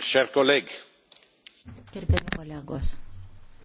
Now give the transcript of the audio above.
Gerbiami kolegos.